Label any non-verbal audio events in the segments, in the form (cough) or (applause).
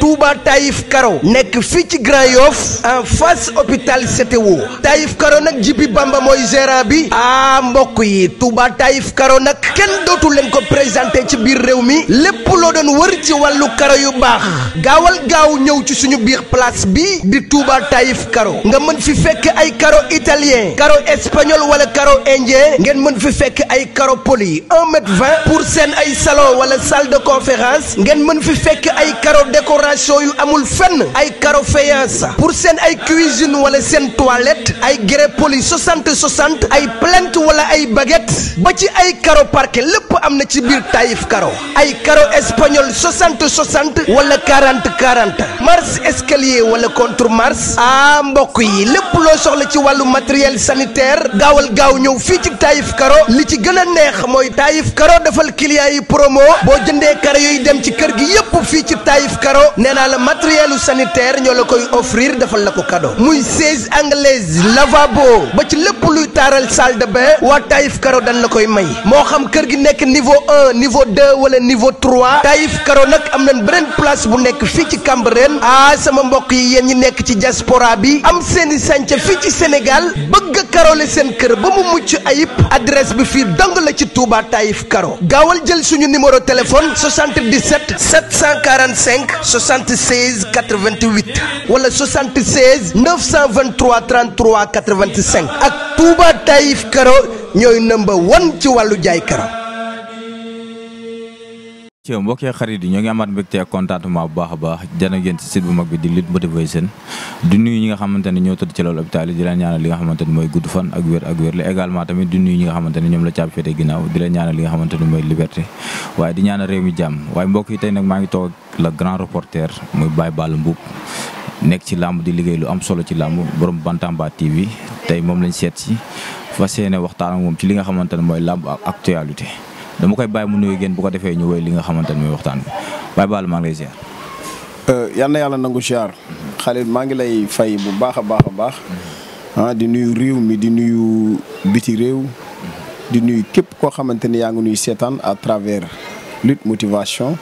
Touba Taïf Karo nekk fii ci Grand Yoff en face hôpital CTO Taïf Karo nag Jibi Bamba mooy gérant bi ah mbokk yi Touba Taïf Karo nag kenn dootu leen ko présenté ci biir réew mi lépp loo doon wër ci wàllu karo yu baax gaawal gaaw ñëw ci suñu biir place bi di Touba Taïf Karo nga mën fi fekk ay karo italien karo espagnol wala karo indien ngeen mën fi fekk ay karo poli 1 mètre 20 pour seen ay salon wala salle de conférence ngeen mën fi fekk ay karo décoration yu amul fenn ay karo faïence pour seen ay cuisine wala seen toilette ay grès poli 60 60 ay plainte wala ay baguette ba ci ay karo Mbàkke lépp am na ci biir Taïf Karo ay karo espagnol 60 60 wala 40 40 marche escalier wala contre marche ah mbokk yi lépp loo soxla ci wàllu matériel sanitaire gaawal gaaw ñëw fii ci Taïf Karo li ci gën a neex mooy Taïf Karo defal client yi promo boo jëndee karo yooyu dem ci kër gi yépp fii ci Taïf Karo nee naa la matérielu sanitaire ñoo la koy offrir defal la ko cadeau muy 16 anglaise lavabo ba ci lépp luy taaral salle de bain waa Taïf Karo dañ la koy may kër gi nekk niveau un niveau deux wala niveau trois Taïf Karo nag am nañ beneen place bu nekk fii ci Cambérène ah sama mbokk yi yéen ñi nekk ci diaspora bi am seen i fii ci Sénégal bëgg a karole seen kër ba mu mucc ayib adresse bi fii dong la ci Touba Taïf Karo gaawal jël suñu numéro téléphone 77 745 76 88 wala 76 923 33 85 ak Touba Taïf Karo. ñooy number one ci wàllu jaay karaw ci mbokkee xarit yi ñoo ngi amaat mbégte ak contentement bu baax a baax jana ngeen ci site bu mag bi di Lutte Motivation di nuyu ñi nga xamante ne ñoo tëdd ci loolu hôpital yi di leen ñaanal li nga xamante ne mooy gudd fan ak wér ak wér la également tamit di nuyu ñi nga xamante ne ñoom la caabi féete ginnaaw di leen ñaanal li nga xamante ne mooy liberté waaye di ñaanal réew mi jàmm waaye mbokk yi tey nag maa ngi toog ak le grand reporter muy Baye Balla Mboup Nek ci lamb di liggey lu am solo ci lamb borom Bantamba TV tay mom lañ set ci fas yéene waxtaan ak moom ci li nga xamantene moy lamb ak actualité dama koy bàyyi mu nuyu gene bu ko defee ñu woy li nga xamantene moy mooy waxtaan bi bàyyi ngi ziar. euh yalla yalla nangu ziar Khalil ma ngi lay fay bu baakha a baax ah, di nuyu rew mi di nuyu biti rew di nuyu kep ko xamantene ya nga nuyu setan travers lutte motivation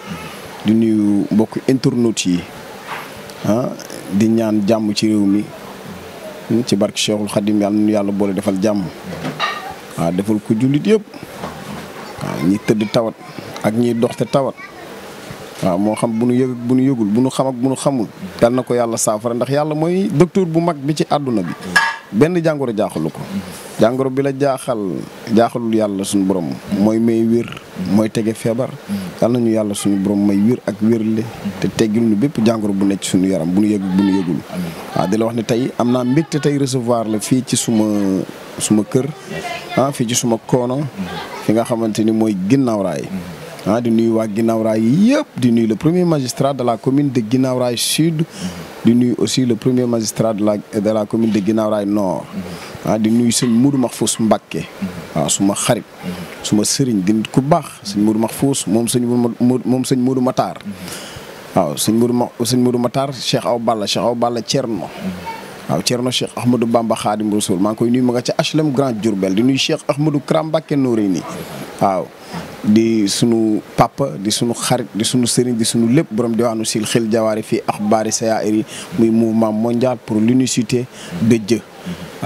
di nuyu mbok internet yi ah di ñaan jàmm ci réew mi hmm, ci barke Cheikhul Khadim yàlla nu yàlla boole defal jàmm waaw defal ko jullit yëpp waaw ñi tëdd tawat ak ñiy dox te tawat waaw moo xam bu nu yëg bu nu yëgul bu nu xam ak bu nu xamul. dal na ko yàlla saafara ndax yàlla mooy docteur bu mag bi ci àdduna bi. benn jàngoro jaaxalu ko jàngoro bi la jaaxal jaaxalul yàlla suñu borom mooy may wér mooy tege feebar yàlla nañu yàlla suñu borom may wér ak wérle te teggil ñu bépp jàngoro bu nekk suñu yaram bu ñu yëg bu ñu yëgul wax ne tey am naa mbégte tey recevoir la fii ci suma suma kër ah fii ci suma koono fi nga xamante ni mooy ginnaaw raay mm-hmm. ah di nuy waa ginnaaw raay yëpp di nuy le premier magistrat de la commune de ginnaaw sud di nuyu aussi le premier magistrat de la de la commune de Guinaw Rail mm-hmm. ah di nuyu sëñ Mourou Mahfous Mbacké. waaw mm-hmm. ah, suma xarit. Mm-hmm. suma sëriñ di nit ku baax sëñ Mourou Mahfous moom sëñ moom sëñ Mourou Matar. waaw sëñ Mourou ma sëñ Mourou Matar Cheikh Aw Balla Cheikh Aw Balla Thierno. waaw Thierno Cheikh Ahmadou Bamba Khadim sol maa koy nuyu ma nga ca HLM Grand Diourbel di nuyu Cheikh Ahmadou Kram Mbacké Noreyni waaw. di sunu papa di sunu xarit di sunu serigne di sunu lepp borom diwaanu sil xel jawaari fi akhbari sayairi muy mouvement mondial pour l'unicité de Dieu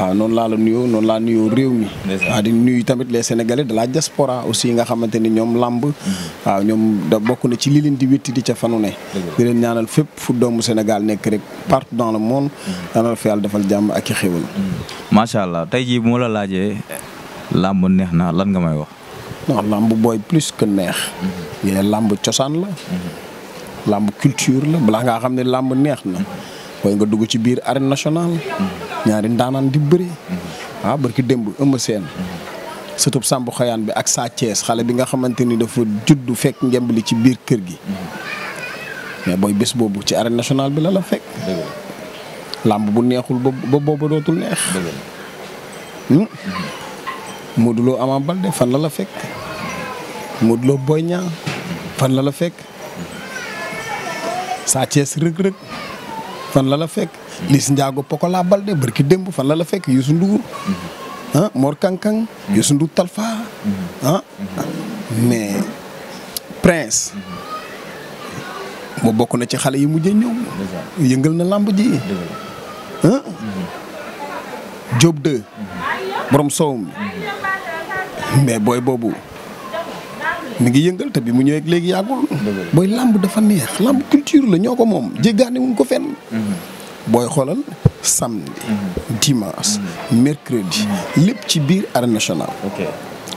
ah non la la nuyo non la nuyo réew mi ah, di nuyu tamit les sénégalais de la diaspora aussi nga xamanteni ñom lamb mm-hmm. ah ñom da bokku na ci li leen di wetti di ca fanu ne di leen ñaanal fépp fu doomu Sénégal nek rek partout dans le monde dana mm-hmm. fi yalla defal jamm ak xewul machallah mm-hmm. tay ji mo la laajee lamb neexna lan nga may wax non lamb boy plus que neex mais mm-hmm. lamb ciosan la mm-hmm. lamb culture la bla nga xam lamb neex na mm-hmm. way nga dugg ci biir arène nationale ñaari ndanan di beuri ah barki demb euma sen setup sambu khayan bi ak Sa Thiès xale bi nga xamanteni ni dafa juddu fek ngemb li ci biir kër gi mais boy bes bobu ci arène nationale bi la la fek lamb bu neexul bo dotul neex mudlo Lo Ama Baldé fan la la fek mudlo Lo Boy Niang fan la la fek Sa ties Reug Reug fan la la fek lis Ndiago Pokola balde barki demb fan la la fek yusu Ndour han Mor Kankang Yusundu Talfa han mais Prince mo bokk na ci xalé yi mujjee ñëw yëngal na lamb ji han job 2 borom mais booy boobu mu ngi yëngal te bi mu ñëwee léegi yàggul. booy làmb dafa neex làmb culture la ñoo ko moom jéggaane wuñ ko fen mm-hmm. booy xoolal samedi. Mm-hmm. dimanche mm-hmm. mercredi lépp ci biir arène nationale.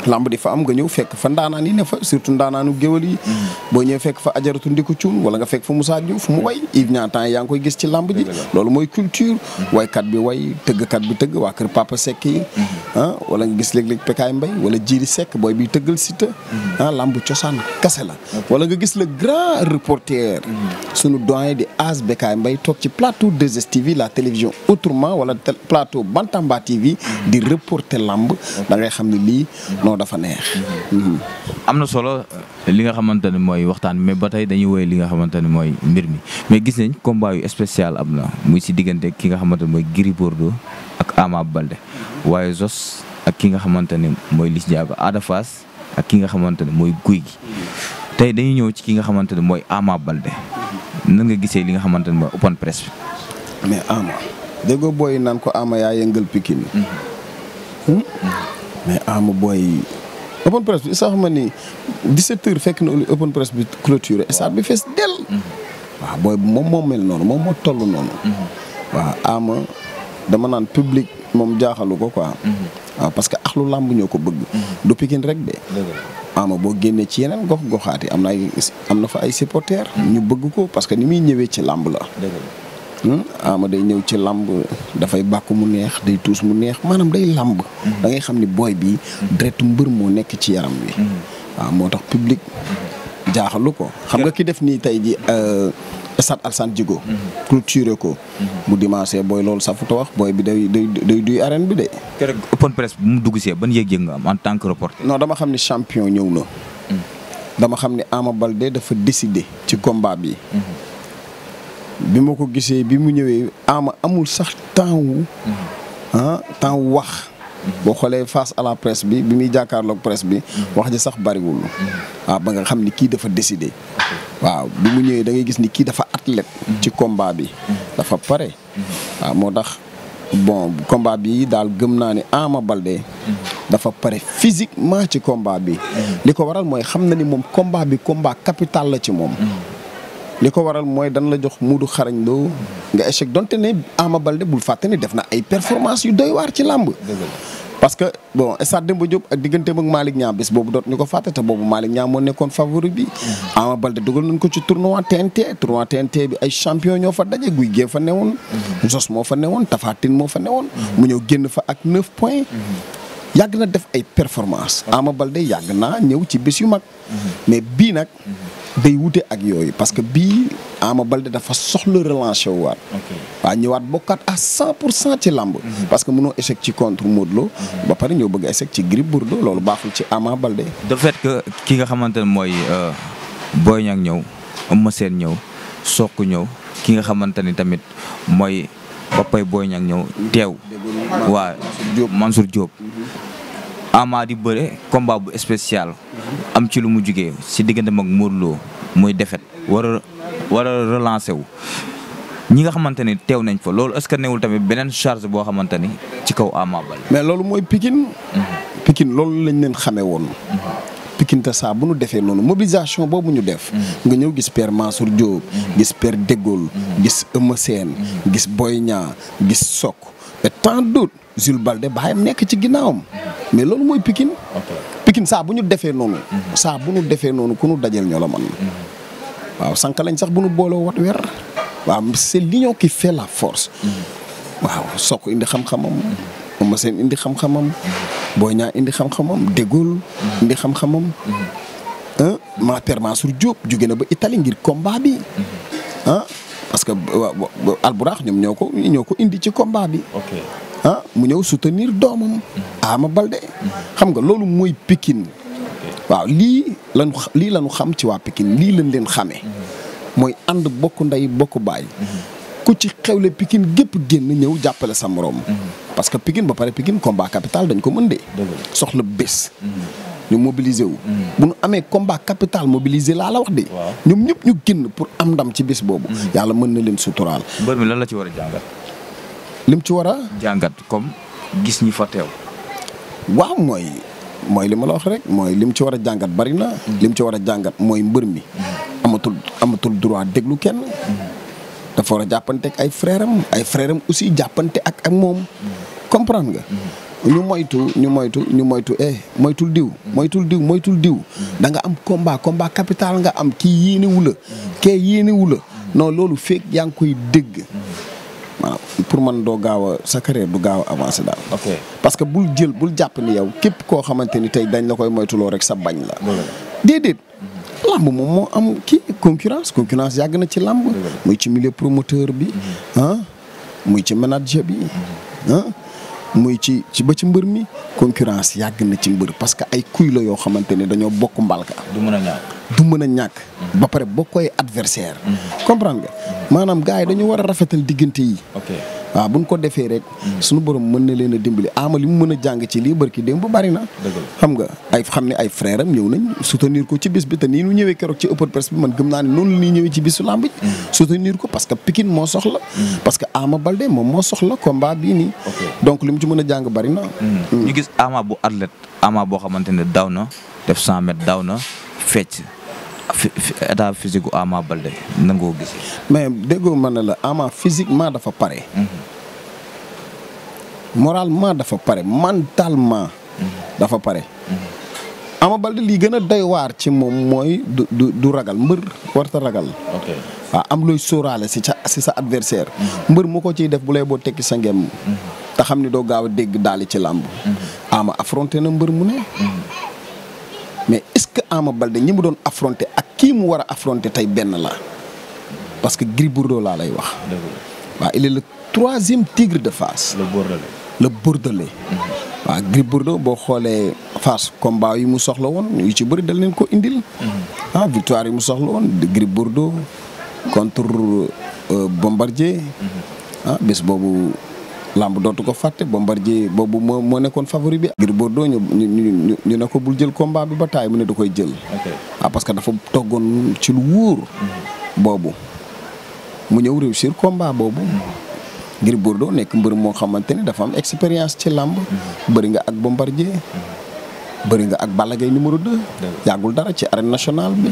lamb di fa am nga ñëw fekk fa ndaanaan yi ne fa surtout ndaanaanu géwal yi mm-hmm. boo ñëwee fekk fa ajaratu ndiku cuun wala nga fekk fa Moussa Diouf fu mu way Yves Niantang yaa ngi koy gis ci lamb ji loolu mooy culture mm-hmm. kat bi way tëggkat bi tëgg waa kër Papa Seck yi mm-hmm. ah wala nga gis léeg-léeg Pekaay Mbay wala Jiri sekk booy bi tëggal Siteu ah lamb cosaan kase la wala nga gis la grand reporter sunu doyen di As Bekaay Mbay toog ci plateau 2STV la télévision autrement wala plateau Bantamba TV di reporter lamb da ngay xam ne lii non dafa neex. Mm-hmm. am na solo li nga xamante ne mooy waxtaan mais ba tey dañuy woy li nga xamante ne mooy mbir mi mais gis nañ combat yu spécial am na muy si diggante ki nga xamante ne mooy Gris Bordeaux ak Ama Balde waaye Zos ak ki nga xamante ne mooy Liss Ndiago Ada ak ki nga xamante ne mooy Guy gi tey dañuy ñëw ci ki nga xamante ne mooy Ama Balde nan nga gisee li nga xamante ne mooy open press bi. mais Ama déggoo booy naan ko Ama yaa yëngal Pikine mm-hmm. Hmm? Mm-hmm. mais ama booy open press bi sax ma ni 17 heures fekk na open press bi clôturé stade bi fes del waaw booy moom moo mel noonu moom moo tollu noonu waaw ama dama naan public moom jaaxalu ko quoi waaw parce que axlu làmb ñoo ko bëgg du Pikine rek de ama boo génnee ci yeneen gox goxaat yi am na ay am na fa ay supporters mm-hmm. ñu bëgg ko parce que ni muy ñëwee ci làmb la Hmm? ama day ñëw ci làmb dafay bàkk mu neex day tuus mu neex maanaam day làmb hmm. da ngay xam ni booy bi hmm. deretu mbër moo nekk ci yaram bi waaw moo tax public jaaxalu ko xam nga ki def nii tey ji euh, Stade Alassane Djigo clôturé ko mu dimanche booy loolu safuta wax booy bi day day duy arène bi de keroog open bu mu dugg see ban yëg-yëg nga am en tant que reporter dama xam ni champion ñëw na dama xam ni Ama Baldé dafa décidé ci combat bi bi ma ko gisee bi mu ñëwee ama amul sax temps wu mhm. ah temps wu wax mhm. boo xoolee face à la presse bi bi muy jàkkaarloog presse bi mhm. wax ji sax bariwul waaw ah, ba nga xam ni kii dafa décidé waaw bi mu ñëwee da ngay gis ni kii dafa athlète ci combat bi dafa pare waaw ah, moo tax bon combat bi daal gëm naa ne Ama balde dafa pare physiquement ci combat bi li ko waral mooy xam na ni moom combat bi combat capital la ci moom li ko waral mooy dan la jox du xarañ loo nga échec donte ne Ama Baldé bul fàtte ne def na ay performance yu doy waar ci làmb parce que bon stade Demba Diop ak digganteem ak Malick Niang bés boobu doot ñu ko fàtte te boobu Malick Niang moo nekkoon favori bi mm-hmm. Ama Baldé dugal nañ ko ci tournoi TNT tournoi TNT bi ay champion ñoo fa daje guy gee fa newoon mm-hmm. Zos moo fa newoon Tapha moo fa newoon mm-hmm. mu ñëw génn fa ak 9 point yàgg na def ay performance Ama Baldé yàgg naa ñëw ci bés yu mag mais bii nag day wute ak yooyu parce que bii Ama Baldé dafa soxla relancer waat. waa ñëwaat bokkaat a 100 pour cent ci làmb. Mhm. parce que mënoo échec ci contre Modou mhm. ba pare ñëw bëgg a échec ci Gris Bordeaux loolu baaxul ci Ama Baldé. de fait que ki nga xamante ne mooy euh, Boy Niang ñëw Eumeu Sène ñëw sook ñëw ki nga xamante ni tamit mooy Papay Boy Niang ñëw teew. waa Mansour mhm. Ama di bëre combat bu spécial. am ci lu mu jugee si diggante mag Modou Lo muy defet wara a war wu. ñi nga xamante ni teew nañ fa loolu est que newul tamit beneen charge boo xamante ni ci kaw Ama Baldé. mais loolu mooy Pikine. Mhm. Pikine loolu lañ leen xamee woon. Mhm. Pikine te saa bu nu defee noonu mobilisation boobu ñu def. Mhm. nga ñëw gis père Mansour Diop. gis père Dégol. gis Eumeu Sène. gis Boy Niang gis Sok et tant d'autres Jules Baldé baayam nekk ci ginnaawam. mais loolu mooy Pikine. pikin saa bu ñu defee noonu. Mhm. saa bu ñu defee noonu ku ñu dajeel ñoo la man mhm. waaw sànq lañ sax bu ñu booloo wat weer. waaw c'est l'union qui fait la force. Mhm. waaw Sokh indi xam-xamam. indi xam-xamam. Boy indi xam-xamam Dégol. indi xam-xamam. ah ma père Mansour Diop jóge na ba Italie ngir combat bi. ah parce que alburax ñoom ñoo ko ñoo ko indi ci combat bi. ah mu ñëw soutenir doomam. Ama Balde xam nga loolu mooy Pikine waaw lii lañu lii lañu xam ci waa Pikine lii lañ leen xamee mooy ànd bokk ndey bokk baay ku ci xewle Pikine gépp génn ñëw jàppale sa moroom parce que Pikine ba pare Pikine combat capital dañ ko mën de soxla bés mm-hmm. ñu mobiliser wu mm-hmm. bu nu amee combat capital mobiliser laa la wax de ñoom ñëpp ñu génn pour am ndam ci bis boobu mm-hmm. yàlla mën na leen suturaal mbër mi lan la ci war a jàngat lim ci war a jàngat comme gis ñi fa teew waaw mooy mooy li ma la wax rek mooy lim ci war a jàngat bari na. lim ci war a jàngat mooy mbër mi. amatul amatul droit déglu kenn. dafa war a jàppante ak ay frères ay frères am aussi jàppante ak ak moom. comprendre nga. ñu moytu ñu moytu ñu moytu eh, moytul diw moytul diw moytul diw danga am combat capital nga am ki yéene wu la kee yéene wu la non loolu feeg yaa ngi koy dégg waaw pour man doo gaaw a sa carrière du gaaw a avancé daal. ok parce que bul jël bul jàpp ni yow képp koo xamante ni tey dañ la koy moytuloo rek sa bañ la. déedéet. lamb moom moo am kii concurrence concurrence yàgg na ci lamb. muy ci milieu promoteur bi. Mm-hmm. ah muy ci manager bi. Mm-hmm. Ah, muy ci ci ba ci mbër mi. concurrence yàgg na ci mbër parce que ay kuy la yoo xamante ni dañoo bokk mbalka. du mën a du mën a ñàkk ba pare boo koy adversaire mhm. comprendre nga maanaam gaa yi dañu war a rafetal diggante yi waaw bu ñu ko defee rek mhm. su nu borom mën na leen a dimbali ama li mu mën a jàng ci lii barki démb bu bari na xam nga ay xam ne ay frère am ñëw nañ soutenir ko ci bis bi te nii nu ñëwee keroog ci open press bi man gëm naa ne noonu la ñuy ñëwee ci bisu làmb ji mhm. parce que Pikine moo soxla parce que Ama Baldé moom moo soxla combat bii nii donc li mu ci mën a jàng bari na mm. gis Ama bu athlète Ama boo xamante ne daw na def cent mètres daw na fecc état physique gu Ama Baldé nan nga ko gis. mais déggoo ma ne la Ama physiquement dafa pare. Mm-hmm. moralement dafa pare mentalement. Mm-hmm. dafa pare. Mm-hmm. Ama Baldé lii gën a doy waar ci moom mooy du du du ragal mbër warta ragal. ok ah, am looy sóoraale si sa si sa adversaire. mbër mu ko ciy def bu lay boo tekki sa ngem. te xam ni doo gaaw a dégg daali ci làmb. Ama affronté na mbër mu ne. mais est-ce que Ama Baldé ñi mu doon affronter ak ki mu wara affronter affronté ben la parce que Gris la lay wax. Wa il est le troisième tigre de face. le bordelais le bordelais. Mhm. Wa Gris Bordeaux boo face Fass combat yi mu soxla won yu ci bëri dal leen ko indil. Mhm. ah victoire yi mu soxla won de Bordeaux contre euh, Bombardier. Mhm. ah bés bobu lamb dootu ko fàtte Bombardier bobu mo moo nekkoon favori bi. ngir Bordeaux ñu ñu ñu ne ko bul jël combat bi bataay mu ne da jël. ah parce que dafa togon ci lu wuur bobu mu ñew réussir combat bobu ngir Bordeaux nekk mbër moo xamante ni dafa am experience ci lamb. beuri nga ak Bombardier. beuri nga ak balagay numéro 2. yagul dara ci arène nationale bi.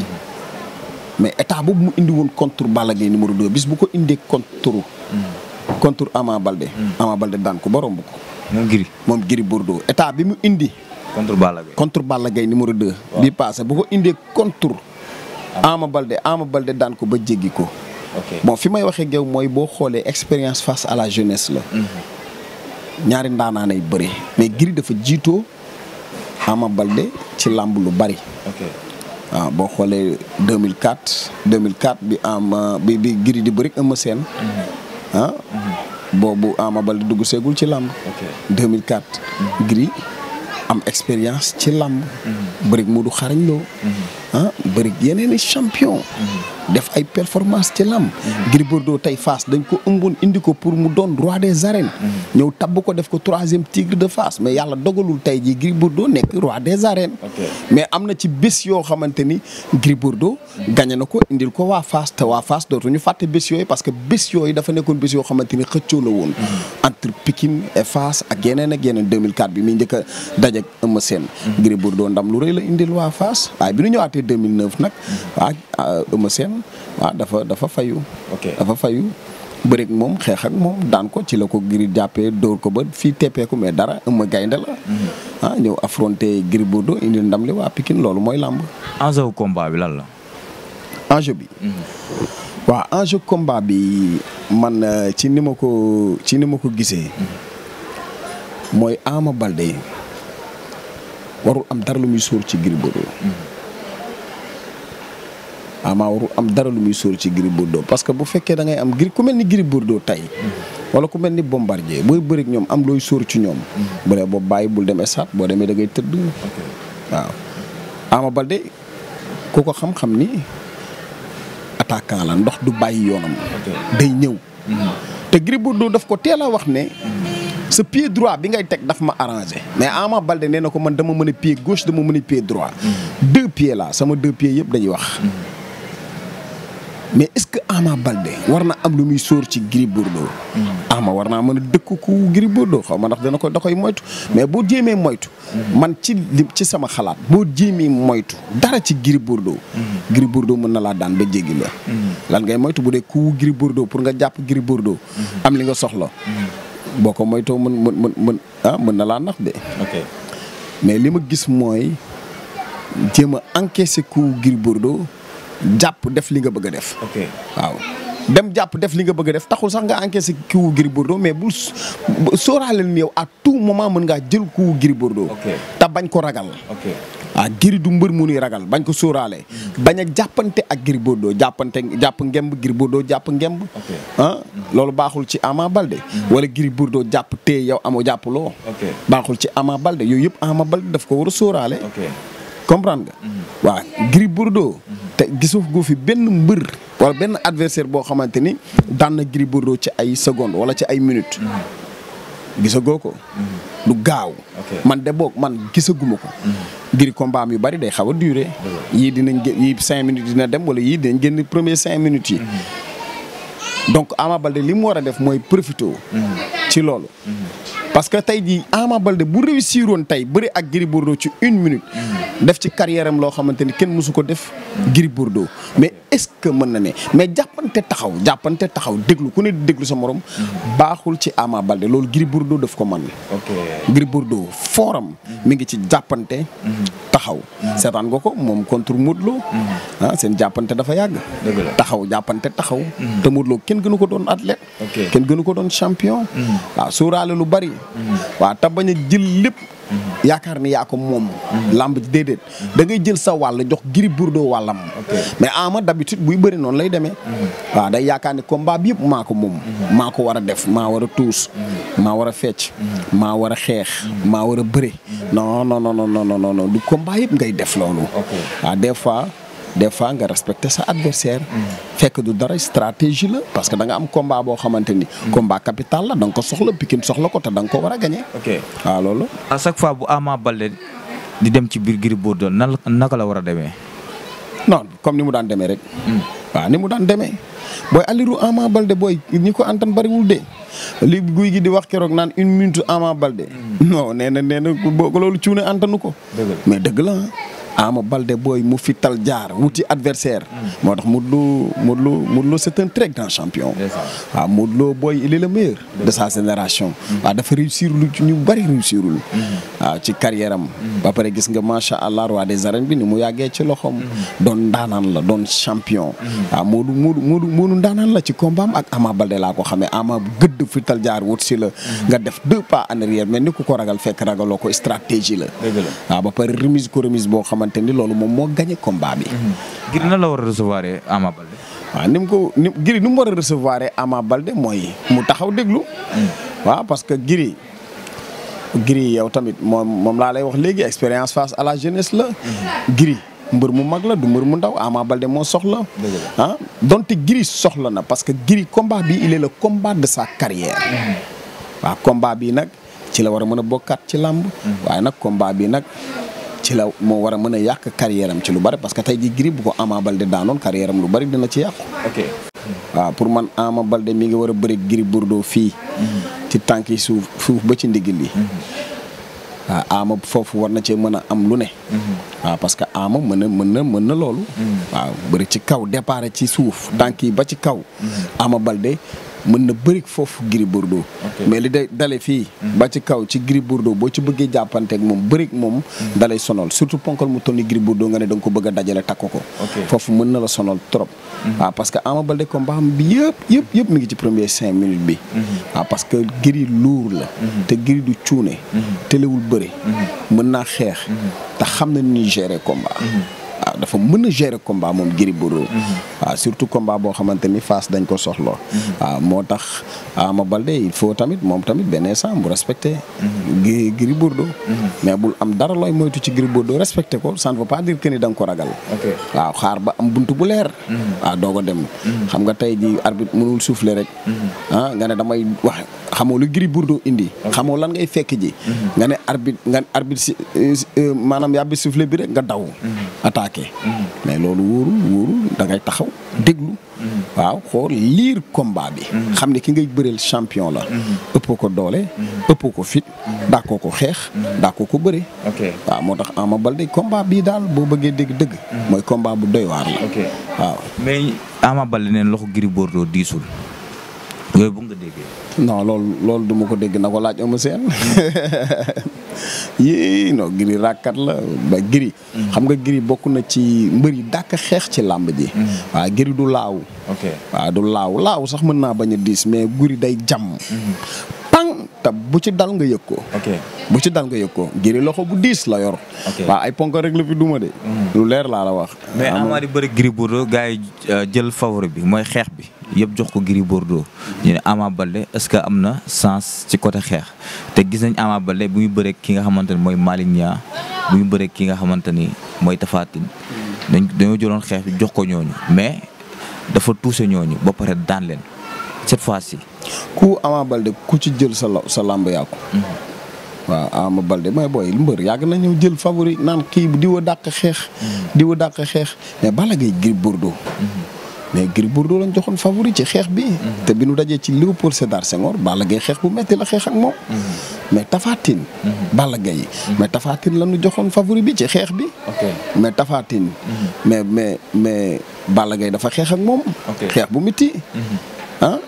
mais état bobu mu indi won contre balagay numéro 2 bis bu ko indi contre. contre Ama Balde. Hmm. Ama Balde daan ko ba romb ko. moom Gris moom Gris Bordeaux état bi mu indi. contre Balla Gaye contre Balla Gaye numéro 2. bi passé bu ko indee contre. Ama Balde Ama Balde daan ko ba jéggi ko. bon fi may waxee géew mooy boo xoolee expérience face à la jeunesse la. Hmm. ñaari ndaanaan ay bëri mais Gris dafa jiitoo Ama Balde ci làmb lu bari. waaw boo xoolee 2004 2004 bi am bi bi Gris di bëri Eumeu Sène hmm. ah. boobu Ama Baldé dugg seegul ci làmb. 2004. Mhm. Gris am expérience ci làmb. Mhm. bëri mu du xarañ loo. Mhm. ah bëri yeneen i champion. def ay performance ci làmb. Gris Bordeaux tey Fass dañ ko ëmboon indi ko pour mu doon roi des arènes. ñëw tabb ko def ko troisième tigre de Fass mais yàlla dogalul tey jii Gris Bordeaux nekk roi des arènes. mais am na ci bés yoo xamante ni Gris Bordeaux. gañe na ko indil ko waa Fass te waa Fass ñu fàtte bés yooyu parce que bés yooyu dafa nekkoon bés yoo xamante ni xëccoo la woon. entre Pikine et Fass ak yeneen ak yeneen bi mu njëkk a daje ak Eumeu depuis 2009 nag ah Eumeu waa dafa dafa fayu. dafa fayu bëreeg moom xeex ak moom daan ko ci la ko Gris jàppee door ko ba fii teppeeku mais dara Eumeu gaynde la. Mm-hmm. ah ñëw affronté Gris Bordeaux indi ndam li waa Pikine loolu mooy làmb. enjeu combat bi lan la. enjeu bi. Mm-hmm. waaw enjeu bi man euh, ci ni ma ko ci ni ma ko gisee. mooy Ama Baldé warul am dara lu muy sóor ci Gris Bordeaux Ama waru am dara lu muy ci Gris Bordeaux parce que bu fekkee da am Gris ku mel ni Gris Bordeaux tey wala ku mel ni Bombardier booy bëri ak am looy sóor ci ñoom. bu boobu bàyyi bul demee saat boo demee da ngay tëdd. waaw Ama ko xam-xam ni attaquant la ndox du bàyyi yoonam. day ñëw. te Gris Bordeaux daf ko teel a wax ne. sa pied droit bi ngay teg dafa ma arranger mais Ama Baldé nee na ko man dama mën a pied gauche dama mën a pied droit deux pieds là sama deux pieds yëpp dañuy wax mais est-ce que Ama Balde war na am lu muy sóor ci Gris Bordeaux. Ama war naa mën a dëkk ku Gris xaw ma ndax dana ko da koy moytu. mais boo jéemee moytu. man ci li ci sama xalaat. boo jéemee moytu dara ci Gris Bordeaux. Gris Bordeaux mën na laa daan ba jéggi la. lan ngay moytu bu dee ku Gris Bordeaux pour nga jàpp Gris Bordeaux. am li nga soxla. boo ko moytoo mën mën mën ah mën na laa nax de. ok li ma gis mooy jéem a encaissé ku Gris Bordeaux. jàpp def li nga bëgg a def. waaw dem jàpp def li nga bëgg a def taxul sax nga encaissé kii wu Gris mais bul sóoraale ni yow à tout moment mën ngaa jël kii wu Gris Bordeaux. te bañ ko ragal. ah Gris du mbër mu nuy ragal bañ ko sóoraale. bañ a jàppante ak Gris Bordeaux jàppante jàpp ngemb Gris Bordeaux jàpp ngemb. ah loolu baaxul ci Ama Balde. wala Gris Bordeaux jàpp tee yow amoo jàpp loo. baaxul ci Ama Balde yooyu yëpp Ama Balde def ko war a sóoraale. comprendre nga. Mhm. waaw Gris Bordeaux. Mhm. te gisuf gu fi benn mbër. wala benn adversaire boo xamante ni daan na Gris Bordeaux ci ay secondes wala ci ay minutes. Mhm. goo ko. lu gaaw. man de boo man gisaguma ko. ngir combat am yu bari day xaw a durer. yii dinañ cinq minutes dina dem wala yii dinañ génn premier cinq minutes yi. donc Ama Baldé li war a def mooy profité. ci loolu. parce que tey jii Ama Baldé bu réussir woon tey bëri ak Gris Bordeaux ci une minute. def ci carrière am loo xamante ni kenn mosu ko def. Gris Bordeaux mais est-ce que mën na ne mais jàppante taxaw jàppante taxaw déglu ku ne déglu sa morom. baaxul ci Ama Baldé loolu Gris Bordeaux daf ko mën. ok Gris Bordeaux fooram. mi ngi ci jàppante. taxaw seetaan nga ko moom contre Modou mhm. ah, seen jàppante dafa yàgg. taxaw jàppante taxaw. Mhm. te Modou kenn gënu ko doon athlète. kenn gënu ko doon champion. waaw mhm. ah, sóoraale lu bari. waa ta bañ a jël lépp yaakaar ni yaa ko moom làmb ji déedéet jël sa wàll jox Gris Bordeaux wàllam mais ama d'habitude buy bëri noonu lay demee waaw day yaakaar ni combat bi yëpp maa ko moom maa ko war a def maa war a tuus maa war a fecc maa war a xeex maa war a bëri non non non non non yëpp ngay def loolu waaw des fois des fois nga respecter sa adversaire hmm. fekk du dara stratégie la parce que da nga am combat bo xamanteni hmm. combat capital la donc soxla Pikine soxla ko ta dang ko wara gagner ok ah loolu à chaque fois bu Ama balde di dem ci bodo, Gris Bordeaux naka la wara démé non comme ni mu dan démé rek hmm. wa ni mu dan démé boy aliru Ama balde boy, ñi ko antan wul de li guuy gi di wax kérok nan une minute Ama balde, non néna néna ko na ciune cuune antanu ko mais deug la Ama Balde boy, mu fital jaar wuti adversaire moo tax Modou Lo c'est un très grand champion Ah Modou boy, il est le meilleur de sa génération mm-hmm. waaw dafa réussir lu ñu bari réussirul mm-hmm. waaw ci carrière am mm-hmm. ba pare gis nga macha allah roi des arènes bi ni mu yàggee ci loxoom doon ndaanaan la doon champion Ah Modou Modou Modou Modou ndaanaan la ci combat am ak Balde laa ko xamee Ama gëdd fital jaar wut si la nga def deux pas en arrière mais ni ku ko ragal fekk ragaloo ko stratégie la waaw ba pare remise ko remise boo xamante ni loolu moom moo gagné combat bi. Mhm. Gris na la wara a recevoir Ama Balde. wa nim ko ni Gris ni mu recevoir Ama Balde moy mu taxaw deglu mhm. wa parce que giri giri yow tamit mom mom la lay wax légui expérience face à la jeunesse la. Mhm. giri mbeur mu mag la du mbeur mu ndaw Ama Balde mo soxla. han ah, donte giri soxla na parce que giri combat bi il est le combat de sa carrière. wa combat bi nak ci la wara a mën ci lamb waaye nak combat bi nak ci la moo war a mën a yàq carrière ci lu bari parce que tey jii bu ko Ama Baldé daanoon carrière lu bari dina ci yàqu. ok pour man Ama balde mi ngi war a bëri Gris Bordeaux fii. Mm-hmm. ci tànk yi suuf suuf ba ci ndigil li mm-hmm. waaw Ama foofu war na cee mën a am lu ne. Mm-hmm. waaw parce que Ama mën na mën na mën na loolu. waaw bëri ci kaw départ ci suuf tànk yi ba ci kaw. Ama Baldé mën na bëri foofu Gris Bordeaux mais li day dale fii hmm. ba ci kaw ci Gris Bordeaux boo ci bëggee jàppanteek moom bëri moom hmm. dalay sonol surtout ponkal mu toll ni Gris Bordeaux nga ne da nga ko bëgg a dajale takk ko foofu mën na la sonol trop waaw hmm. ah, parce que Ama Baldé combat am bi yëpp yëpp yëpp mi ngi ci premier cinq minutes bi waaw ah, parce que Gris lourd la te Gris du cuune telewul bëri mën naa xeex te xam na ni ñuy gérer combat waaw ah, dafa mëna gérer combat mom Gris mhm. ah, surtout combat bo xamanteni face dañ ko soxlo waaw mhm. ah, moo Ama balde il faut tamit mom tamit benn sant bu respecter mhm. Gris mais bul am dara loy moytu ci Gris buru respecté ko ça ne veut pas dire que ni dang ko ragal wa xaar ba am buntu bu leer wa dogo dem xam nga tay di arbitre mënul souffler rek ah nga ne damay wax xamoo lu giri buru indi xamoo lan ngay fekk ji nga ne arbitre nga arbitre manam euh, euh, maanaam yàbbi soufflé bi rek nga daw attaque mais loolu wóorul wóorul da ngay taxaw déglu. waaw xool liir combat bi. xam ne ki ngay bëreel champion la. ëppoo ko doole. ëppoo ko fit. dàqoo ko xeex. dàqoo ko bëre. waaw moo tax Ama Baldé combat bii daal boo bëggee dégg dëgg. mooy combat bu doy waar la. waaw mais Ama Baldé neen loxo giri Bordeaux diisul. yooyu bu nga déggee. non loolu loolu duma ko dégg na ko laaj Eumeu Sène (laughs) yii non giri ràkkat la ba giri mm. xam nga giri bokk na ci mbër yi dàkk xeex ci làmb ji mm. waa giri du laaw waa du laaw laaw sax mën naa bañ a diis mais guri day jam mm-hmm. pang te bu ci dal nga yëg ko bu ci dal nga ko giri loxo bu diis la yor waa ay ponk rek la fi duma de mm-hmm. lu leer laa la wax mais amaari bëri giri bu gaa yi euh, jël favori bi mooy xeex bi yëpp jox ko Gris Bordeaux ñu ne Ama Baldé est-ce que am na sens ci côté xeex te gis nañ Ama Baldé bu ñu bëree ki nga xamante ni mooy Malick Niang bu ñu ki nga xamante ni mooy Tapha dañ dañoo jëloon xeex bi jox ko ñooñu mais dafa touché ñooñu ba pare daan leen cette fois-ci. ku Ama Baldé ku ci jël sa sa làmb yàqu. Mhm. waaw Ama Baldé mooy booy lu mbër yàgg na ñëw jël favori naan kii bi wa dàq xeex. Mhm. di wa dàq xeex mais Balla gi Gris Bordeaux. Mhm. mais Gris Bordeaux lañ joxoon favori ci xeex bi. Mhm. te bi nu dajee ci Léopold Sédar Senghor Balla Gaye xeex bu metti la xeex ak moom. Mhm. mais Tapha mhm. Balla Gaye. mais tafaatin Tine lañu joxoon favori bi ci xeex bi. mais Tapha mais mais mais Balla Gaye dafa xeex ak moom. xeex bu metti ah.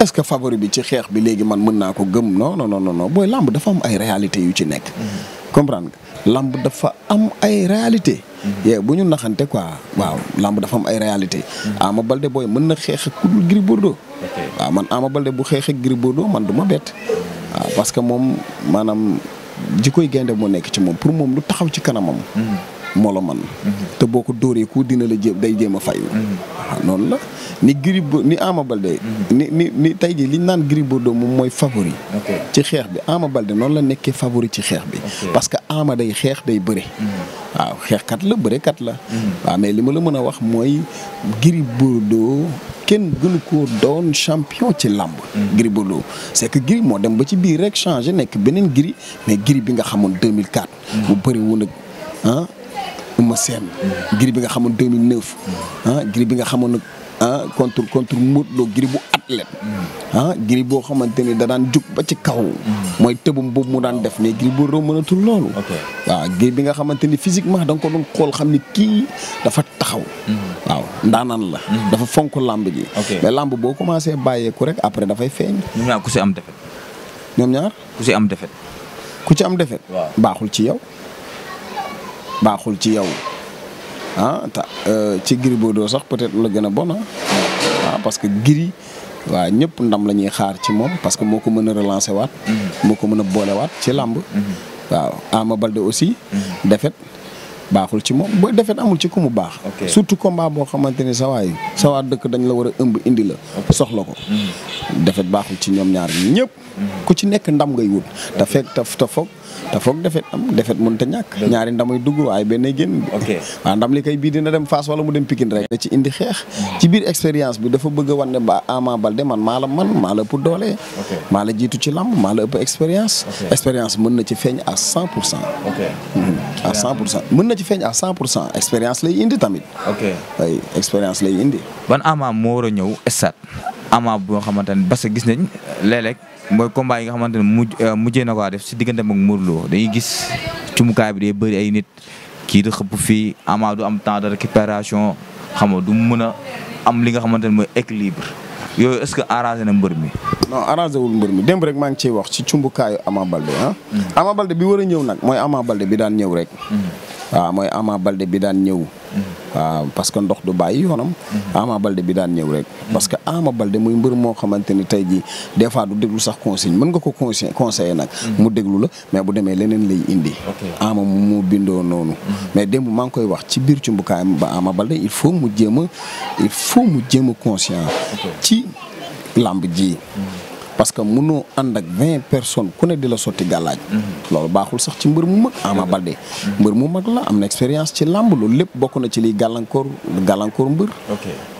est-ce que favori bi ci xeex bi léegi man mën naa ko gëm non non booy lamb dafa am ay réalité yu ci nekk. comprendre nga dafa am ay réalité Mm-hmm. yee bu ñu naxante quoi waaw lamb dafam ay réalité mm-hmm. Ama balde booy mën na xeex ak ku dul man Ama Baldé bu xeex ak Gris man du bett mm-hmm. waaw parce que moom maanaam jikkoy gaynde moo nekk ci moom pour moom lu taxaw ci kanamam moo la man te boo ko dóoree dina la jéem day jéem a fayu waaw noonu la ni Gris ni Ama Baldé ni ni ni tey jii liñ naan Gris Bordeaux moom mooy favori ci xeex bi Ama balde noonu la nekkee favori ci xeex bi parce que Ama day xeex day bëre waaw kat la bërekat la. waaw mais li ma la mën a wax mooy giri Gris Bordeaux kenn gën ko doon champion ci làmb Gris Bordeaux c'est que Gris moo dem ba ci biir rek changé nekk beneen Gris mais Gris bi nga xamoon 2004. bu bëri woon ak ah Eumeu Sène. Gris bi nga xamoon 2009. ah Gris bi nga xamoon ak ah contre contre Modou Lo bu. athlète hmm. ah Gris boo xamante ni da daan jug ba ci kaw hmm. mooy tëbum boobu mu daan def mais Gris Bordeaux mënatul loolu waaw Gris bi nga xamante ni physiquement da nga ko doon xool xam ni kii dafa taxaw hmm. waaw ndaanaan la dafa fonk lamb ji mais làmb boo commencé bàyyeeku rek après dafay feeñ ñoom ñaar ku si am defet ñoom ñaar ku si am defet ku ci am defet baaxul ci yow baaxul ci yow ah ta euh, ci Gris Bordeaux sax peut-être la gën a bon ah, ah parce que Gris waaw ñëpp ndam la ñuy xaar ci moom parce que moo ko mën a relancer waat. Mm-hmm. moo ko mën a boolewaat ci làmb. Mm-hmm. waaw Ama Balde aussi. Mm-hmm. defet baaxul ci moom booy defet amul ci ku mu baax. surtout combat boo xamante ni sa waay sa dëkk dañ la war a ëmb indi la. soxla ko. defet baaxul ci ñoom ñaar ñëpp ku ci nekk ndam ngay wut te fekk te te foog te defet am defet mënut te ñàkk ñaari ndamuy dugg waaye benn génn waaw ndam li kay bii dina dem Fass wala mu dem Pikine rek da ci indi xeex hmm. ci biir expérience bi dafa bëgg a wan ne ba Ama Baldé man maa la man maa la ëpp doole maa la jiitu ci lam maa la ëpp expérience expérience mën na ci feeñ à cent pour cent hmm. à pour mën na ci feeñ à cent pour cent expérience lay indi tamit ok expérience lay indi ban Ama moo war a ñëw stade ama boo xamante ne parce que gis nañ léeg mooy combat yi nga xamante ne mujj euh, mujjee na ko def si diggante ak Modou Lo dañuy gis cumukaay bi dee bëri ay nit kii di xëpp fii ama du am temps de récupération xam nga du mun a am li nga xamante ne mooy équilibre yooyu est-ce que arrangé na mbër mi. non arrangé wul mbër mi démb rek maa ngi ciy wax ci cumbukaayu Ama Balde ah. Mm. Ama Balde bi war a ñëw nag mooy Ama Balde bi daan ñëw rek. Mm. waaw mooy Ama Balde bi daan ñëw. Mm. waaw ah, parce que ndox du bàyyi yoonam. Mhm. Ama Balde bi daan ñëw rek. Mhm. parce que Ama Balde muy mbër moo xamante ni tey jii des fois du déglu sax consigne mën nga ko conseil conseiller nag. Mhm. mu déglu la mais bu demee leneen lay indi. Ama mu bindoo noonu. mais démb maa ngi koy wax ci biir cumbukaayam ba Ama Balde il faut mu jéem a il faut mu jéem a conscient ci lamb ji. parce que mënoo ànd ak vingt personnes ku ne di la sotti gàllaaj mhm. loolu baaxul sax ci mbër mu mag Ama mhm. Baldé mhm. mbër mu mag la am na expérience ci làmb loolu lépp bokk na ci liy gàllankoor gàllankoor mbër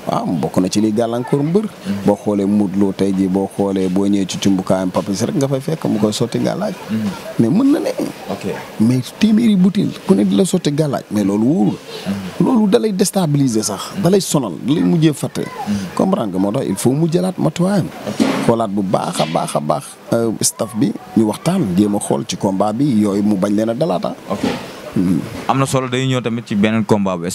ah bokk na ci liy gàllankoor mbër mm-hmm. boo xoolee Modou loo tey jii boo xoolee boo ñëwee ci cumbukaayam papis rek nga fay fekk mu koy sotti gàllaaj mm-hmm. mais mën na ne ok mais téeméeri butil ku la sotti gàllaaj mais loolu wóorul mm-hmm. loolu dalay déstabiliser sax dalay sonal dalay mujjee fàtte comprendre nga moo tax il faut mu jëlaat matuwaayam xoolaat bu baax a baax a baax euh, staff bi ñu waxtaan jéem a xool ci combat bi yooyu mu bañ leen a dalaata am na solo day ñëw tamit ci beneen combat bu